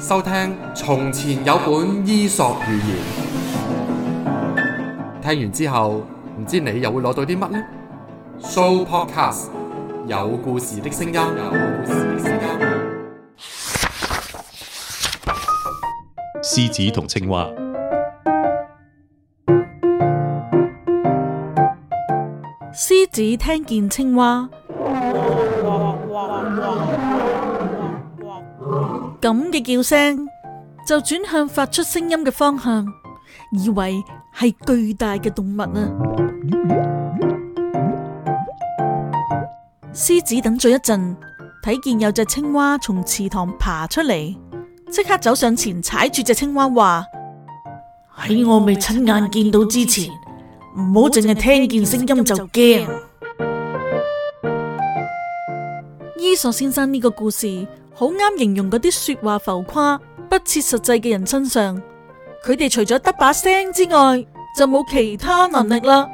收聽從前有本伊索寓言，聽完之後唔知你又會攞到啲乜呢？Sooopodcast，有故事的聲音。有故事的聲音。獅子同青蛙，獅子聽見青蛙。咁嘅叫聲就轉向發出聲音嘅方向，以為係巨大嘅動物啊！獅 子等咗一陣，睇見有隻青蛙從池塘爬出嚟，即刻走上前踩住隻青蛙，話：喺 我未親眼見到之前，唔好淨係聽見聲音就驚。 伊索先生呢個故事，好啱形容嗰啲說話浮誇、不切實際嘅人身上，佢哋除咗得把聲之外，就冇其他能力啦。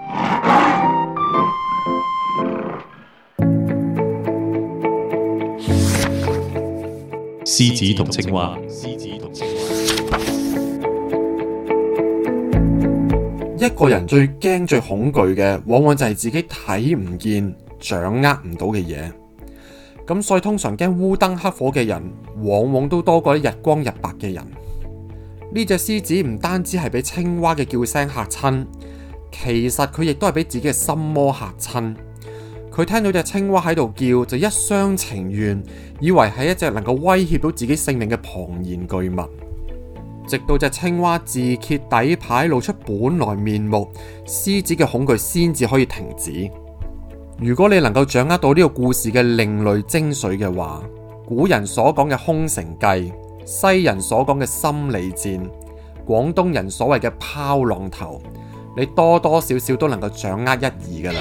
獅子同青蛙，獅子同青蛙，一個人最驚最恐懼嘅，往往就係自己睇唔見、掌握唔到嘅嘢。咁所以通常驚烏燈黑火嘅人，往往都多過啲日光日白嘅人。呢隻獅子唔單止係俾青蛙嘅叫聲嚇親，其實佢亦都係俾自己嘅心魔嚇親。佢聽到隻青蛙喺度叫，就一廂情願，以為係一隻能夠威脅到自己性命嘅龐然巨物。直到隻青蛙自揭底牌，露出本來面目，獅子嘅恐懼先至可以停止。如果你能夠掌握到呢個故事嘅另類精髓嘅話，古人所講嘅空城計，西人所講嘅心理戰，廣東人所謂嘅拋浪頭，你多多少少都能夠掌握一二噶啦。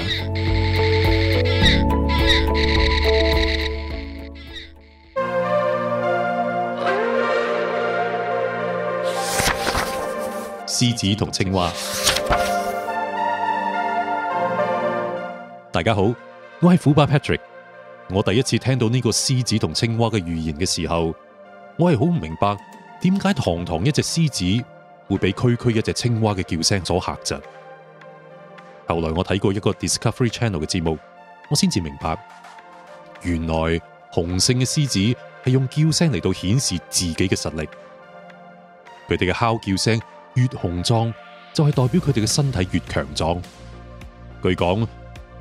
獅子同青蛙。大家好，我係虎爸 Patrick。我第一次聽到呢個獅子同青蛙嘅寓言嘅時候，我係好唔明白點解堂堂一隻獅子會被區區一隻青蛙嘅叫聲所嚇着。後來我睇過一個 Discovery Channel 嘅節目，我先至明白，原來雄性嘅獅子係用叫聲嚟到顯示自己嘅實力。佢哋嘅哮叫聲越雄壯，就係代表佢哋嘅身體越強壯。據講。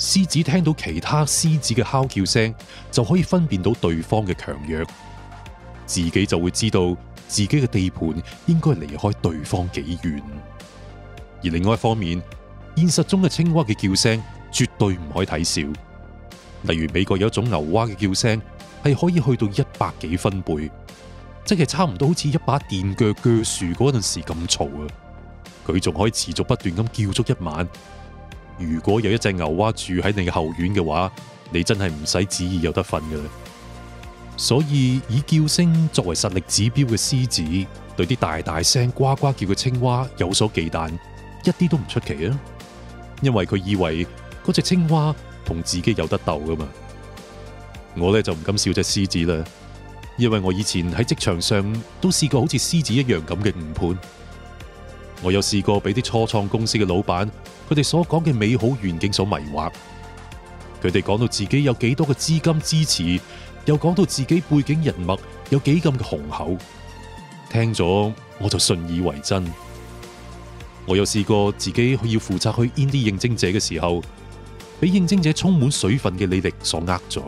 獅子聽到其他獅子嘅敲叫聲，就可以分辨到對方嘅強弱，自己就會知道自己嘅地盤應該離開對方幾遠。而另外一方面，現實中嘅青蛙嘅叫聲絕對唔可以睇小。例如美國有一種牛蛙嘅叫聲係可以去到一百幾分貝，即係差唔多好似一把電鋸鋸樹嗰陣時咁嘈啊！佢仲可以持續不斷咁叫足一晚。如果有一隻牛蛙住喺你嘅後院嘅話，你真係唔使旨意有得瞓嘅。所以以叫聲作為實力指標嘅獅子，對啲大大聲呱呱叫嘅青蛙有所忌憚，一啲都唔出奇啊！因為佢以為嗰隻青蛙同自己有得鬥噶嘛。我呢就唔敢笑隻獅子啦，因為我以前喺職場上都試過好似獅子一樣咁嘅誤判。我有試過俾啲初創公司嘅老闆，佢哋所講嘅美好願景所迷惑。佢哋講到自己有幾多嘅資金支持，又講到自己背景人脈有幾咁嘅雄厚，聽咗我就信以為真。我有試過自己要負責去 in 啲應徵者嘅時候，俾應徵者充滿水分嘅履歷所呃咗。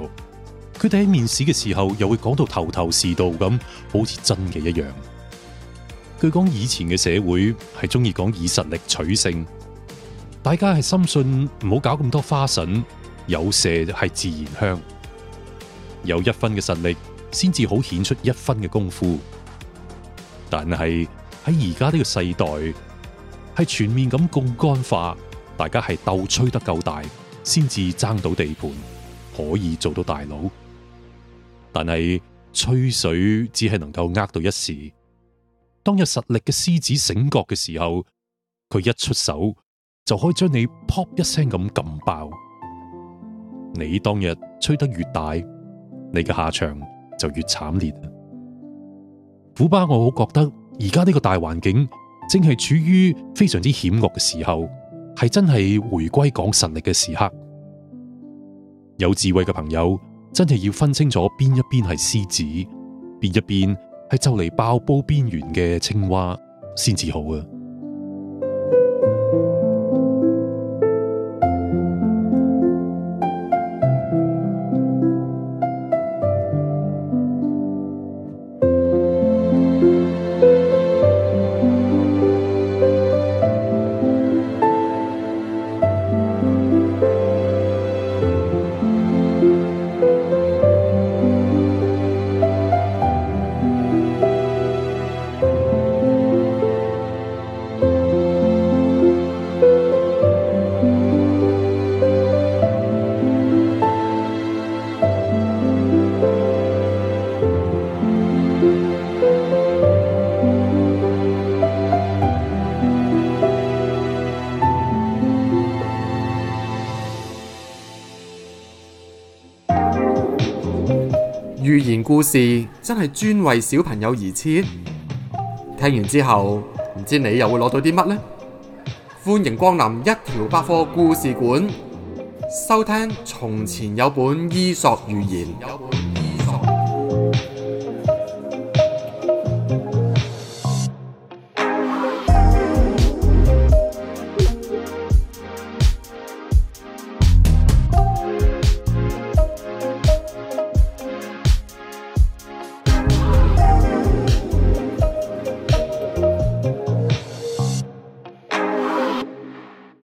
佢哋喺面試嘅時候又會講到頭頭是道咁，好似真嘅一樣。據講以前嘅社會係中意講以實力取勝，大家係深信唔好搞咁多花臣，有麝係自然香，有一分嘅實力先至好顯出一分嘅功夫。但係喺而家呢個世代係全面咁槓桿化，大家係鬥吹得夠大先至爭到地盤，可以做到大佬。但係吹水只係能夠呃到一時。當日實力嘅獅子醒覺嘅時候，佢一出手就可以將你 pop 一聲咁撳爆。你當日吹得越大，你嘅下場就越慘烈。虎巴，我好覺得而家呢個大環境正係處於非常之險惡嘅時候，係真係回歸講實力嘅時刻。有智慧嘅朋友真係要分清楚邊一邊係獅子，邊一邊。係就嚟爆煲邊緣嘅青蛙先至好。寓言故事真係專為小朋友而設，聽完之後唔知你又會攞到啲乜呢？歡迎光臨一條百貨故事館，收聽從前有本伊索寓言。